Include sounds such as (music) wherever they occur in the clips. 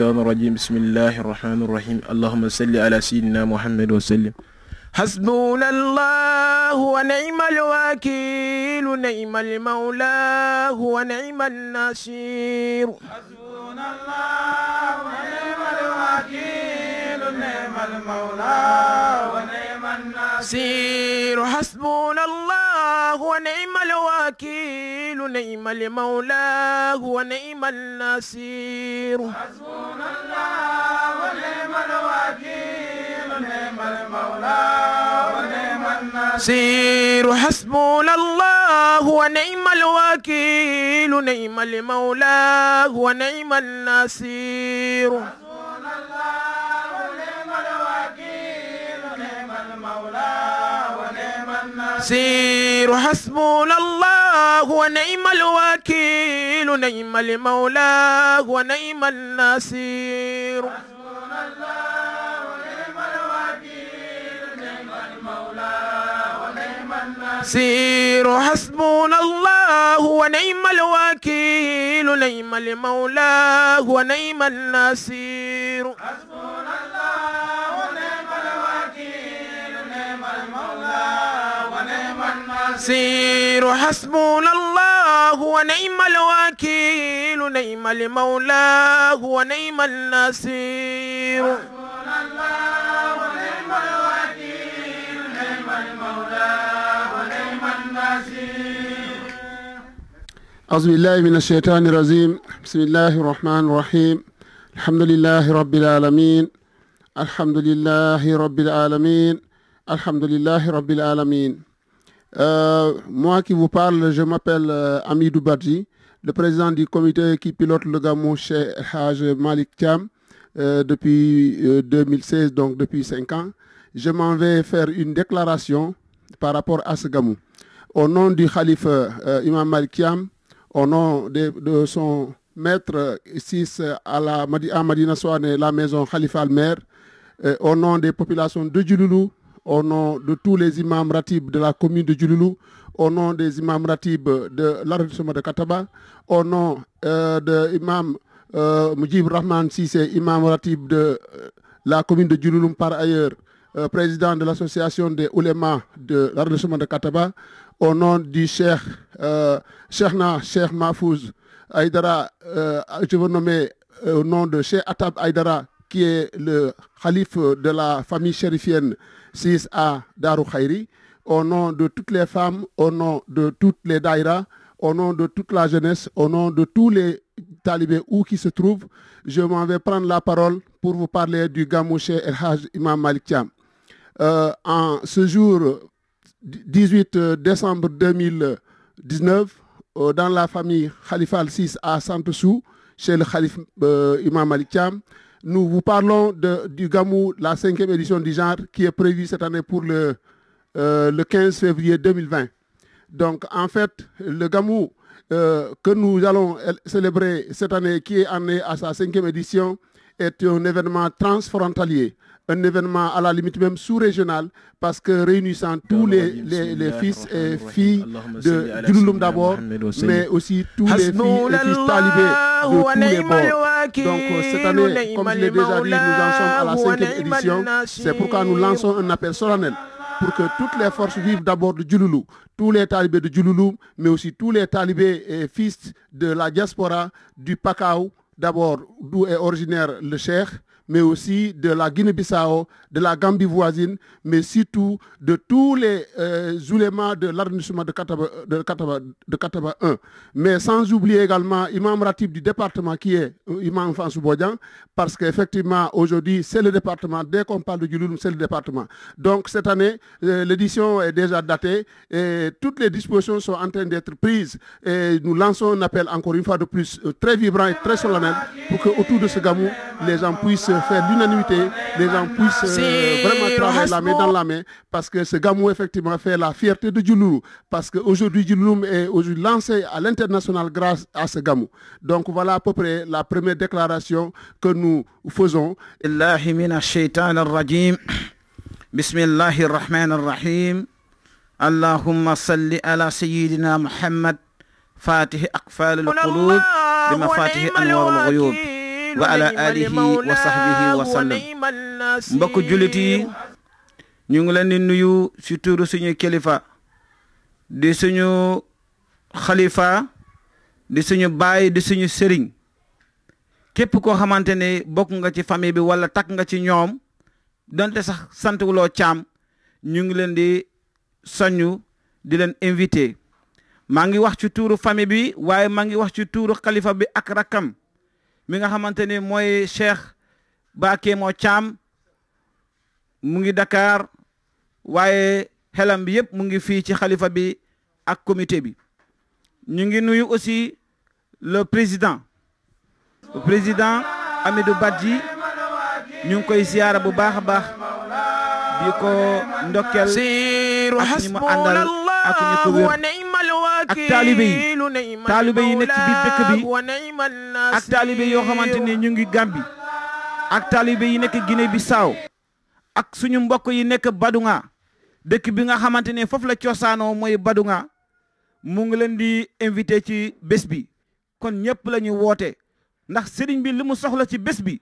الشيطان الرجيم بسم الله الرحمن الرحيم اللهم صل على سيدنا محمد وسلم حسبنا الله ونعم الوكيل نعم المولى ونعم النصير حسبنا الله ونعم الوكيل نعم المولى ونعم سير حسبنا الله ونعم الوكيل نعم المولاه ونعم النصير حسبنا الله ونعم الوكيل نعم المولاه ونعم النصير حسبنا الله ونعم الوكيل نعم المولاه ونعم النصير سير حسبنا الله ونعم الوكيل نعم المولى ونعم النصير حسبنا الله ونعم الوكيل نعم المولى ونعم النصير سير حسبنا الله ونعم الوكيل نعم المولى ونعم النصير المصير حسبنا الله ونعم الوكيل نعم المولاه ونعم النصير حسبنا الله ونعم الوكيل نعم المولاه ونعم النصير أعوذ بالله من الشيطان الرجيم بسم الله الرحمن الرحيم الحمد لله رب العالمين الحمد لله رب العالمين الحمد لله رب العالمين Euh, moi qui vous parle, je m'appelle euh, Amidou Badji, le président du comité qui pilote le Gamou chez Haj Malik Thiam euh, depuis 2016, euh, donc depuis 5 ans. Je m'en vais faire une déclaration par rapport à ce Gamou. Au nom du calife euh, Imam Malik Thiam, au nom de, son maître ici à, la, à Madina Soane, la maison Khalifa Almer, euh, au nom des populations de Djouloulou, au nom de tous les imams ratib de la commune de Diouloulou, au nom des imams ratib de l'arrondissement de Kataba, au nom euh, de imam euh, Moujib Rahman Sissé, imam ratib de euh, la commune de Diouloulou par ailleurs, euh, président de l'association des oulémas de l'arrondissement de Kataba, au nom du cheikh euh, Cheikhna Cheikh Mahfouz Aïdara, euh, je veux nommer au nom de Cheikh Atab Aïdara, qui est le calife de la famille chérifienne 6A Darou Khairi, au nom de toutes les femmes, au nom de toutes les daïras, au nom de toute la jeunesse, au nom de tous les talibés où qu'ils se trouvent, la parole pour vous du Gamou Cheikh El Hadj Imam Malick Thiam. Euh, en ce jour 18 décembre 2019, euh, la famille Khalifa Al 6 à Santossou, chez le Khalif euh, Imam Nous vous parlons de, du GAMU, la cinquième édition du genre, qui est prévue cette année pour le, euh, le 15 février 2020. Donc, en fait, le GAMU euh, que nous allons célébrer cette année, qui est année à sa cinquième édition, est un événement transfrontalier, un événement à la limite même sous-régional, parce que réunissant tous les, les, les fils et filles de Djulum d'abord, mais aussi tous les filles et fils talibés de tous les bords. Donc euh, euh, cette année, comme je l'ai déjà dit, nous en sommes à la cinquième édition. C'est pourquoi nous lançons un appel solennel pour que toutes les forces vivent d'abord de Djouloulou, tous les talibés de Djouloulou, mais aussi tous les talibés et fils de la diaspora, du Pakao, d'abord d'où est originaire le Cheikh, mais aussi de la Guinée-Bissau, de la Gambie voisine, mais surtout de tous les euh, oulémas de l'arrondissement de Kataba, de, Kataba, de Kataba 1. Mais sans oublier également Imam Ratib du département qui est euh, Imam Fansou Bodian, parce qu'effectivement aujourd'hui c'est le département, dès qu'on parle de Djouloum, c'est le département. Donc cette année, euh, l'édition est déjà datée et toutes les dispositions sont en train d'être prises. Et nous lançons un appel encore une fois de plus euh, très les gens puissent faire l'unanimité, les gens puissent euh, dans la main, parce que ce Gamou, effectivement, fait la fierté de Djouloulou, parce qu'aujourd'hui, Djouloulou est aujourd'hui lancé à l'international grâce à ce Gamou. Donc voilà à peu près la première déclaration que nous faisons. bismillahi irrahmani irrahim allahumma salli ala sayidina muhammad fatihi aqfalil qulub bi mafatihi anwarul ghuyub wa ala alihi wa sahbihi wa sallam mbokk jullit yi ñu ngi leen di nuyu si tuuru suñu kilifa di suñu xalifa di suñu baay di suñu sëriñ képp koo xamante ne bokk nga ci famille bi wala takk nga ci ñoom donte sax sant wuloo caam ñu ngi leen di soññu di leen invité maa ngi wax ci tuuru famille bi waaye maa ngi wax ci tuuru xalifa bi ak rakkam mi nga xamante ni mooy Cheikh Baké moo Caam mu ngi dakaar waaye xelam bi yëpp mu ngi fii ci xalifa bi ak comité bi ñu ngi nuyu aussi le président le président Amidou Badji ñu ngi koy siyaara bu baax a baax di ko ndokkel ak ñi mu àndal ak ko wér ak taalibe yi taalibe yi nekk ci biir dëkk bi ak taalibe yoo xamante ne ñu ngi Gàmbi ak taalibe yi nekk Guinée Bissau ak suñu mbokk yi nekk Badunga dëkk bi nga xamante ne foofu la cosaanoo mooy Badunga mu ngi leen di invité ci bés bi kon ñëpp la ñu woote ndax sëriñ bi li mu soxla ci bés bi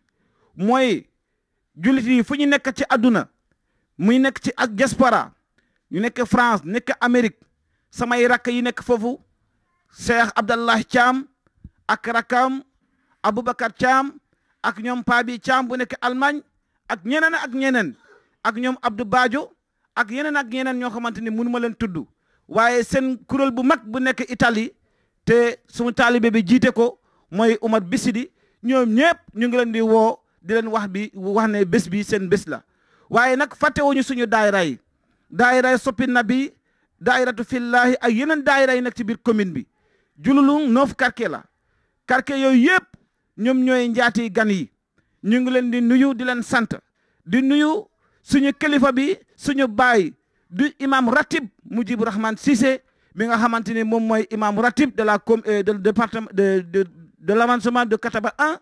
mooy jullit yi fu ñu nekk ci àdduna muy nekk ci ak diaspora ñu nekk France nekk Amérique samay rakk yi nekk foofu Cheikh Abdallah Thiam ak rakkam Aboubacar cam ak ñoom Pabi Thiam bu nekk Allemagne ak ñeneen ak ñeneen ak ñoom Abdou Badio ak yeneen ak yeneen ñoo xamante ni mënu ma leen tudd waaye seen kuréel bu mag bu nekk itali te sumu taalibe bi jiite ko mooy Umar Bisidi ñoom ñëpp ñu ngi leen di woo di wax bi wax ne bés bi seen bés la waaye nag fàttewuñu suñu daayira yi daayira soppi bi daairatu fillahi ak yeneen daaira yi nekk ci biir commune bi jululung neuf quartier la quartier yooyu yëpp ñoom ñooy njaati gan yi ñu ngi leen di nuyu di leen sant di nuyu suñu kilifa bi suñu baay du imam ratib mujib rahman Cissé mi nga xamante ni moom mooy imam ratib de la com euh, de département de de de l'avancement de Kataba 1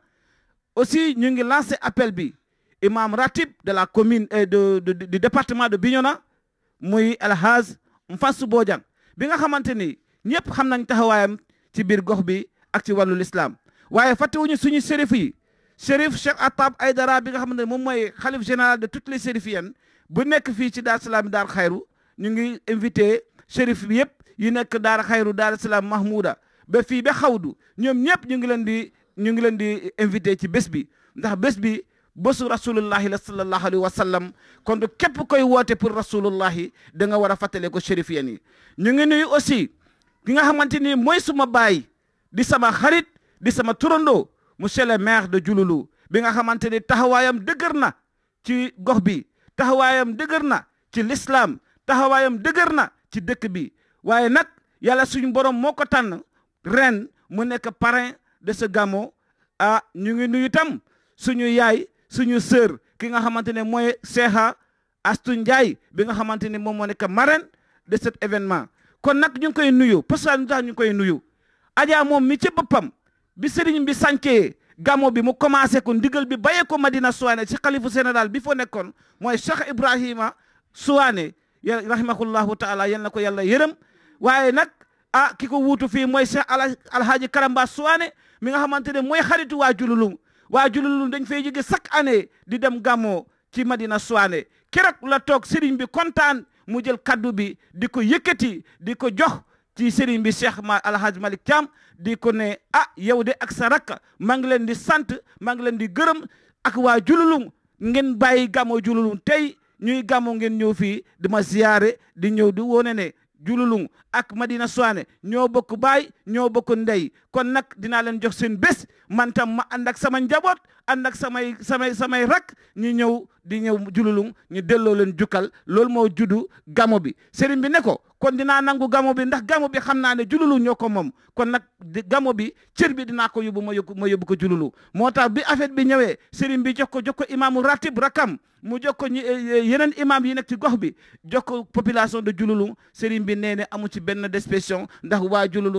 aussi ñu ngi lancé appel bi imam ratib de la commune euh, de du département de Bignona muy El Mfassou Bodian bi nga xamante ni ñëpp xam nañ taxawaayam ci biir gox bi ak ci wàllu lislaam waaye fàttewuñu suñu sérif yi sérif Cheikh Atab Aydara bi nga xamante ne moom mooy xalif général de tout les sérifiennes bu nekk fii ci Daara Salaam Daara Xayru ñu ngi invité sérif bi yëpp yu nekk Daara Xayru Daara Salaam Mahmouda ba fii ba xawdu ñoom ñëpp ñu ngi leen di ñu ngi leen di invité ci bés bi ndax bés bésu rasulullahi la sallallahu alayhi wa sallam kon du képp koy woote pour rasulullahi da nga war a fàttale ko chérif ni ñu ngi nuyu aussi ki nga xamante ni mooy suma baay di sama xarit di sama turandoo monsieur le maire de Diouloulou bi nga xamante ni taxawaayam dëgër na ci gox bi taxawaayam dëgër na ci lislaam taxawaayam dëgër na ci dëkk bi waaye nag yàlla suñu borom moo ko tànn ren mu nekk parrain de ce gamo ah ñu ngi nuyu tam suñu yaay suñu sœur ki nga xamante ne mooy Seexa Astu Njaay bi nga xamante ne moom moo nekk marraine de cet événement kon nag ñu ngi koy nuyu parce que ñu tax ñu ngi koy nuyu Adja moom mi ci boppam bi sëriñ bi sàncee gamo bi mu commencé ko ndigal bi baye ko Madina Souane ci xalifu général bi foo nekkoon mooy Cheikh Ibrahima Souane rahimahullahu taala yal na ko yàlla yërëm waaye nag a ah, ki ko wuutu fii mooy Cheikh Alhaji Karamba Souane mi nga xamante ne mooy xaritu waa jululu waa julul dañ fay jóge chaque année di dem gàmmoo ci Madina Souané keroog la toog sëriñ bi kontaan mu jël kaddu bi di ko yëkkati di ko jox ci sëriñ bi Cheikh ma Alhaaj Malick Thiam di ko ne ah yow de ak sa rakk maa ngi leen di sant maa ngi leen di gërëm ak waa jululum ngeen bàyyi gàmmoo jululum tey ñuy gàmmoo ngeen ñëw fii ma ziyaare di ñëw di wone ne jululum ak Madina Souané ñoo bokk baay ñoo bokk ndey kon nag dinaa leen jox seen bés man tam ma ànd ak sama njaboot ànd ak samay samay samay rak ñu ñëw di ñëw jululum ñu delloo leen jukkal loolu moo juddu gamo bi sëriñ bi ne ko kon dinaa nangu gamo bi ndax gamo bi xam naa ne jululu ñoo ko moom kon nag gamo bi cër bi dinaa ko yóbbu ma yóbbu ma yóbbu ko jululu moo tax bi affaire bi ñëwee sëriñ bi jox ko jox ko imaamu ratib rakam mu jox ko ñu eh, eh, yeneen imaam yi nekk ci gox bi jox ko population de jululu sëriñ bi nee ne amu ci benn dispersion ndax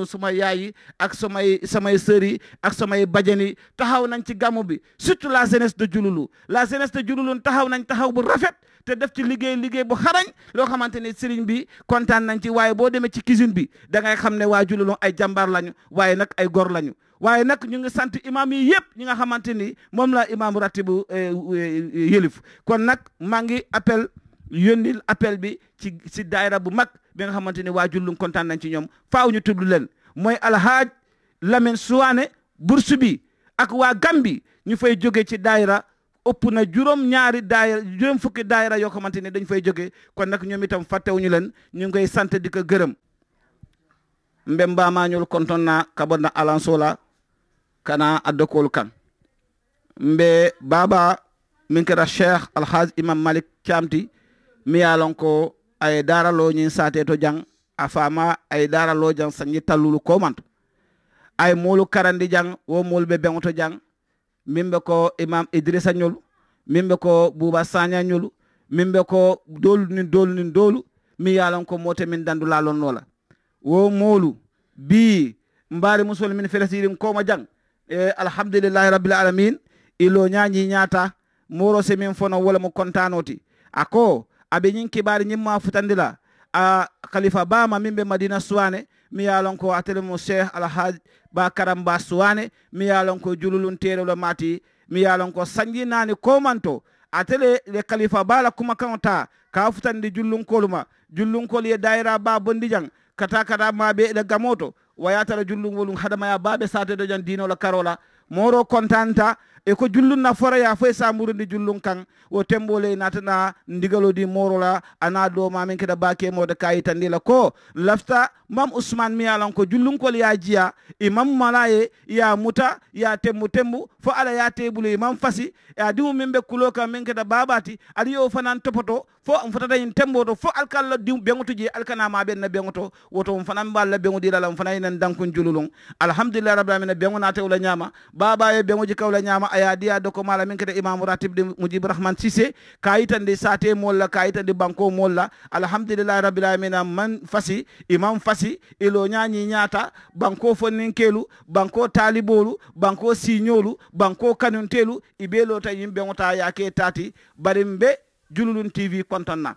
suma yaay yi ak samay samay sœurs yi ak samay bajan taxaw nañ ci gàmmu bi surtout la jeunesse de Diouloulou la jeunesse de Diouloulou taxaw nañ taxaw bu rafet te def ci liggéey liggéey bu xarañ loo xamante ne sëriñ bi kontaan nañ ci waaye boo demee ci cuisine bi da ngay xam ne waa Diouloulou ay jàmbaar lañu waaye nag ay gor lañu waaye nag ñu ngi sant imaam yi yëpp ñi nga xamante ni moom la imaam ratibu eh, eh, yëlif kon nag maa appel yónnil appel bi ci si daayira bu mag bi nga xamante ne waa Jullum kontaan nañ ci ñoom faaw ñu tudd leen mooy alhaaj Lamine Suwaane bursu bi ak waa Gambi ñu fay jóge ci daayira ëpp na juróom ñaari daayira juróom fukki daayira yoo xamante ne dañ fay jóge kon nag ñoom itam fàttewuñu leen ñu ngi koy sant di ko gërëm mbemba mañol kontonna kabonda alansola kana addokol kan mbe baba min kera cheikh alhaj imam malik camti miyalon ko ay daralo ñin sate to jang a fama ay daralo jang sanji tallulu komanto ay molu karandi jang wo molu be beŋoto jang mimbe ko imam idrissa ñolu mimbe ko buba saña ñolu mimbe ko dolu nin dolu nin dolu mi yalon min dandula lon nola wo molu bi mbari musol min felasirin koma jang alhamdulillahi rabbil alamin ilo ñañi ñata moro se min fono wala mo kontanoti ako aɓe ñin kiɓari ñimma futandila a khalifa bama min ɓe madina suwane mi yalon ko atelemo cheikh alhaj ba karamba suwane mi yalon ko jululunteɗolo mati mi yalon ko sanjinani komanto atele le khalifa bala kuma kan ta ka futandi jullunkolu ma jullunkol ye dayira ba bondi jang kata kata maɓe ele gamoto wayatara jullungolum haɗamaya baɓe satede jan dinola karola moro contanta e ko jullun na foraya foye samburindi jullun kan o tembole e natana ndigalodi morola ana do a keɗa bakemode kayitandila ko lafta mam ousmane miyalan ko jullunkol ya jiya imam malaye ya muta ya tembu tembu fo ala ya tebulu imam fasi e adimu min a kulo kam min keɗa babati aɗa yo fanan topoto fo on um fotata en temboto fo alkalla di ɓeŋotuji alkanama ɓen na ɓeŋoto woto on fanan mba allah ɓeŋodilala on fana enen um dankun jululon alhamdulillah rabbil alamina ɓeŋo nate ola ñama baba e ɓeŋoji kawla ayadiya doko mala min kede imamu ratibde mujib rahman sise ka yitande sate molla ka yitande banko molla alhamdulillahi rabbil alamina man fasi imam fasi ilo ñañi ñaata banko fonninkelu banko talibolu banko siñolu banko kanuntelu ibe lota yimɓe gota yake tati barin ɓe jululun tv kontonna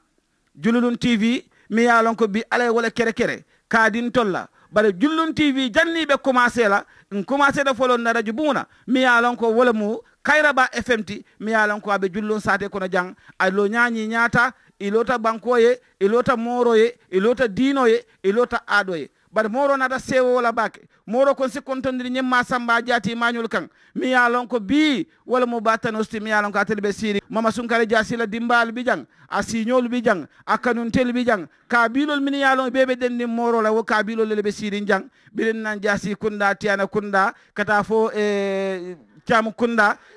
jululun tv mi yalon ko bi alay wala kere kere kaadin tolla bare jullum tv janniɓe commencé la en commencé ɗo folon na radio bumuna mi yalon ko wola mu kayraba fm ti mi lonko ko aɓe jullum sate kono jang alo ñañi ñaata ilota bankoye ilota moroye ilota dinoye ilota aɗoye bare moro nata sewo wala bake moro kon si kontondiri ñim ma samba jaati mañol kan mi ya lon ko bi wala mo batanosti mi ya lon ko atel be siri mama sunkare la dimbal bi jang a siñol bi jang a kanuntel bi jang ka bilol min ya lon bebe denni moro la wo ka bilol le be siri jang bilen nan jaasi kunda tiana kunda kata fo e eh,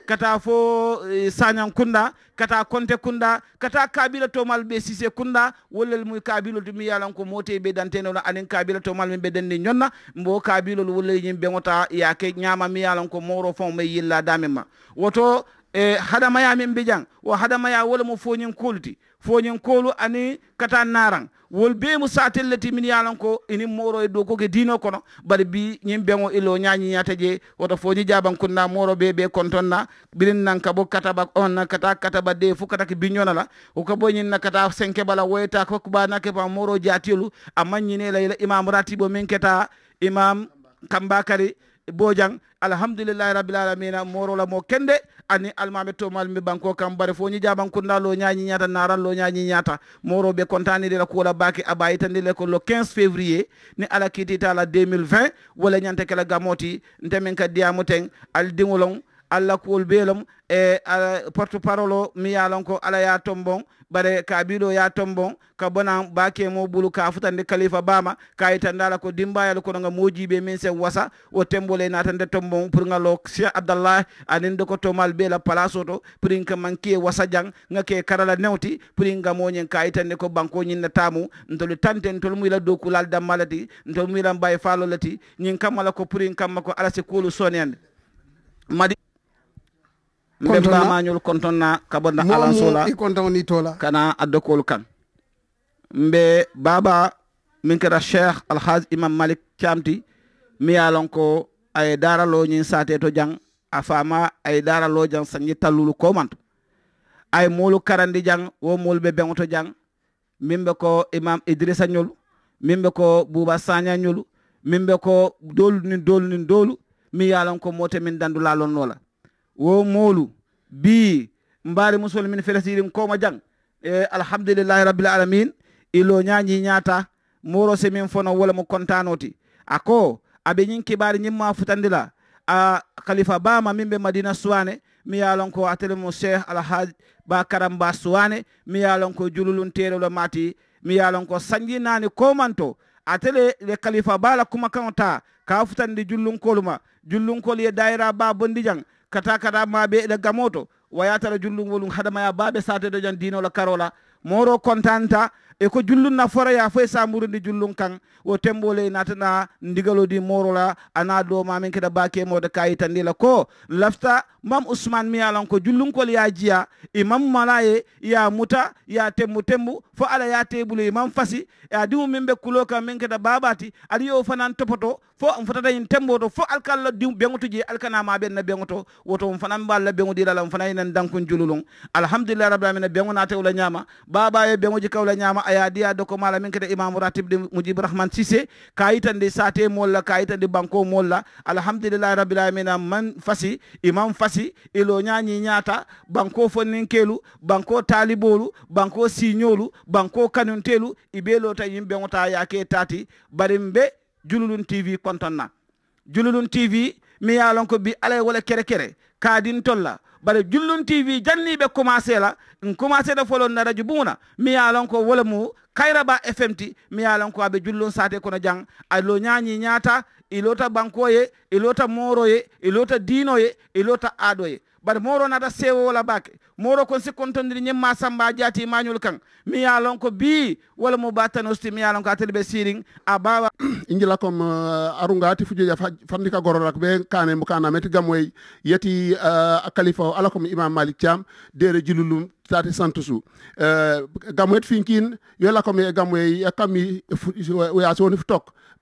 kata fo eh, sañan kunda kata konte kunda kata kabila tomal ɓe sise kunda wollel muy kabilol tumi yalan ko mote ɓe dantenono anin kabila tomal min ɓe denni ñonna mbo kabilol wollel yimɓe gota yake ñama mi yalan ko mawro fon may yilla damin ma woto e hadamaya min mbijan o hadamaya wala mo foñin kolti foñin kolu ani kata naran wol be mo satelleti min yalan ko ini moro e dow koke dino kono bari bi ñin beŋo illo ñañiñata je woto foñi jaban kunna moro be be kontonna birin nan kabo kataba on kata oh, kataba de fo kata ke biñona la o kabo ñin na kata senke bala woyta ko kubana ke pa moro jatiolu amma ñine la ila imam ratibo min keta imam kambakari boo bojan alhamdulillahi rabbil alamina morola mo kende ani almaɓe tomal mi banko kam bare fo ñi jaɓankunda a ñañi ñata naran lo ñañi ñata moroɓe contanidira kuwola bake aba yitandile ko le 15 février ni ala kiititala 2020 wala ñante kala gamoti ntemin ka diyamo ten aldiŋolon allah kuwol beelom e porte parole o mi yalon ko ala ya tombon bare ka ɓiɗo ya tombon ka bonan bake mo ɓulu ka futande kalifa bama ka yitandala ko dimbayal kono ga mojiɓe min sen wasa o tembole natande tombon pour ngalo cheikh abdallah aninde ko tomal beela place oto pour in ka manki e wasa jang gake karala newti pour in gamoñen ka yitande ko banko ñinna tamu ntolu tante ntol muyla dow kulal dammalati ntol muyla mbaye falolati ñin kammala ko pour in kamma ko ala mbem mbamañol kontonna kaɓonna alansola i kontawni kan mbe baba min keta cheikh alhaj malik camti mi yalon ko aye daraloñin sate to jang a fama aye daralo jang sañi tallulu komanto aye molu karandi jang wo molu ɓe beŋo to jang minɓe ko imam idrissa ñolu minɓe ko bouba sagna ñolu minɓe ko dolu nin dolu nin dolu mi yalon ko mote min dandulalonnola wo moolu bi mbaari musol min felasirin koma jang e alhamdulillahi rabbil alamin ilo ñañi ñaata morose min fono wala mo kontanoti ako aɓe ñin kiɓari ñimma futandila a khalifa bama min ɓe madina suwane mi yalon ko atelemo cheikh alhaj ba karam ba suwane mi yalon ko jululun terelo mati mi yalon ko sanjinani komanto atele le khalifa bala kuma kanota ka futandi jullunkoluma jullunkol ye dayra ba bondi jang kata kada maɓe ɗa gamoto wayatara jullugol ngol haɗamaya baɓe satede jan dinola karola moro contanta e ko jullun na foraya foye samurundi jullun kan o tembole e natana ndigalodi morola ana do a keɗa bakemode e kayitandila ko lafta mam ousmane miyalan ko jullunkol ya jiya imam malaye ya muta ya temmu temmu fo ala ya tebule imam fasi e adi min a kulo kam min keɗa babati aɗa yo fanan topoto a on um fotata in temboto fo alkalla di ɓeŋotuji alkanama ɓenna ɓeŋoto woto on um fanan mba allah ɓeŋodilala on fana inen dankun jululon alhamdulillah rabbil alamina ɓeŋo nate ola ñama baba e ɓeŋoji kawla ñama ma ayadiya doko mala min kede imam ratib de mujib rahman sise kayitande sate molla kayitande banko molla alhamdulillahi rabbil alamin man fasi imam fasi ilo nyaani nyaata banko fonnin kelu banko talibolu banko siñolu banko kanuntelu ibelo ta yimbe ngota yake tati bari mbe jululun tv kontonna jululun tv mi yalon ko bi alay wala kere kere kadin tolla bare jullum i janniɓe commencé la en commencé ɗo folon na radio bumuna mi yalon ko wala mo kayra ba fm ti mi yalon ko aɓe jullum sate kono jang allo ñañi ñaata ilota bankoye ilota moroye ilota dinoye ilota aɗoye bare moro nata sewo wala bake moro kon sikkondondiri ñemma samba jaati mañol kan mi yalon ko wala mo batanosti mi yalon ko atele ɓe siring a (clears throat) injila kom uh, arungati fujoja fandika gororak ɓe kane mo kanameti gam way yeti uh, kalifa o ala komi malik thiam dere jululum tati santusu uh, gam het finkin yo ala e gam way kammi waya sowoni tok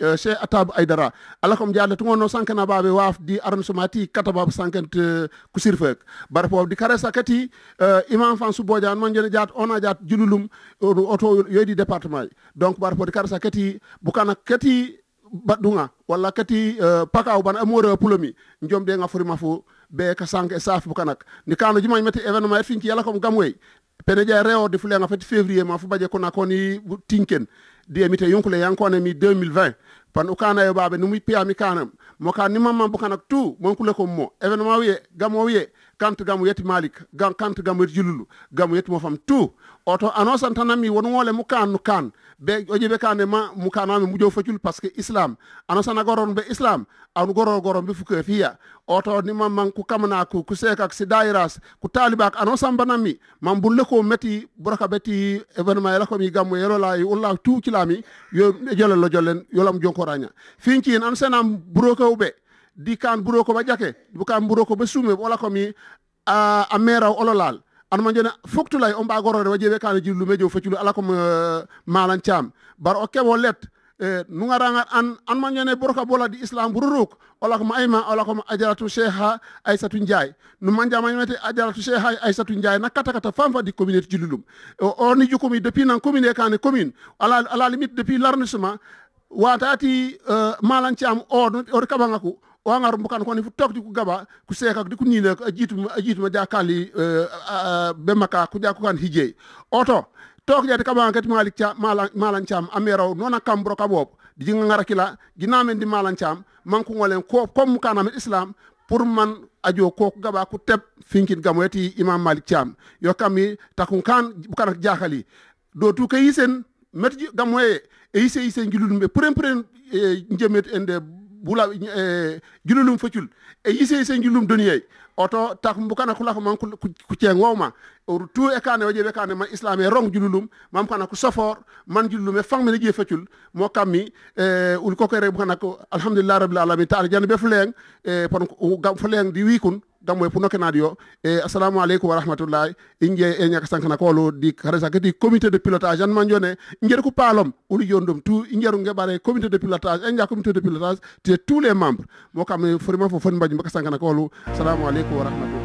Euh, Cheikh Atabu Aydara ala kom jarde tugonno sankanabaɓe wafdi arrondissement ti katabaɓe sankante kusirfek bara foof di euh, karesa kati euh, imam fan subojani man joni jaat ona jaat jululum oto yoydi département ji donc bara foof di karesa kati bukana kati baɗɗuga walla kati pakaw bana amore pulomi jomɗe gaforima fo ɓe ka sank e safi bukanak ndi kano jumañ mete événement et finki yala gam wey pene ƴa rewde fulega fati baje kona diyemite yunkule yankone mi 2020 pan ukana yo baɓe numi piyami kanam moka nimammam bukanak monkule kom mo événement gamo wiye kantu gam yeti malik gam kantu gam yeti tu oto anosan tanami won wole mu kan be oje be kan ma mu kan facul parce que islam anosan goron be islam an goro goron be fuke oto ni mam man ku kamna si dairas ku talibak anosan banami mam bulle ko meti beti evenement la ko mi gam yelo la ulla tu ci lami yo jolelo jolen yolam jonkoranya finci en ansanam di buro ko ba ƴake bukan buro ko ɓe suume ɓe ola komi a, a mera o ololal ana ma jona foktulay on mbagorode wajeɓe kano jillume jo feculu ala komo euh, malan cam bara o keɓo let e euh, nugaraga an an ma jone borka boladi islam bururuk ola komo ayma ola komo ajaratu cheikha aissatou ndiaye no manjamañomete ajaratu cheikha aissatou ndiaye na kata kata fam fadi communauté jullulum oni jukumi depuis nan commune e kane commune ala depuis l' o angaro mbukan koni fu tokdi ku gaba ku sekak di ku nina eh, a jituma a jituma ja kali be maka ku ja ku kan hije oto tok jati kaban ket malik di ngara man ku ngolen ko kom kana islam pour man ajo ko gaba ku teb finkin gamoyati imam malik cham yo kami takun kan bukan jakali do tu kayisen met gamoye e ise ise ngiludum be pren pren eh, njemet ende bula eh, jululum fëccul e eh, yise sen jullum doniyayi oto takum bukana kula ko man kuceng wawma tu e kane waje be kane man islam e rong jululum mam kana ko sofor man jululum e fangmene je fecul mo kammi e eh, ul ko kere bukana ko alhamdulillah rabbil alamin taala jan be fuleng eh, gam fuleng di wikun gam we punoke nadio e eh, assalamu aleykum wa inje e nyaka sankana ko lo di karesa kati comité de pilotage an man jone injer ko palom ul yondum tu injeru ngebare comité de pilotage en ja comité de pilotage te tous les aleykum wa rahmatullah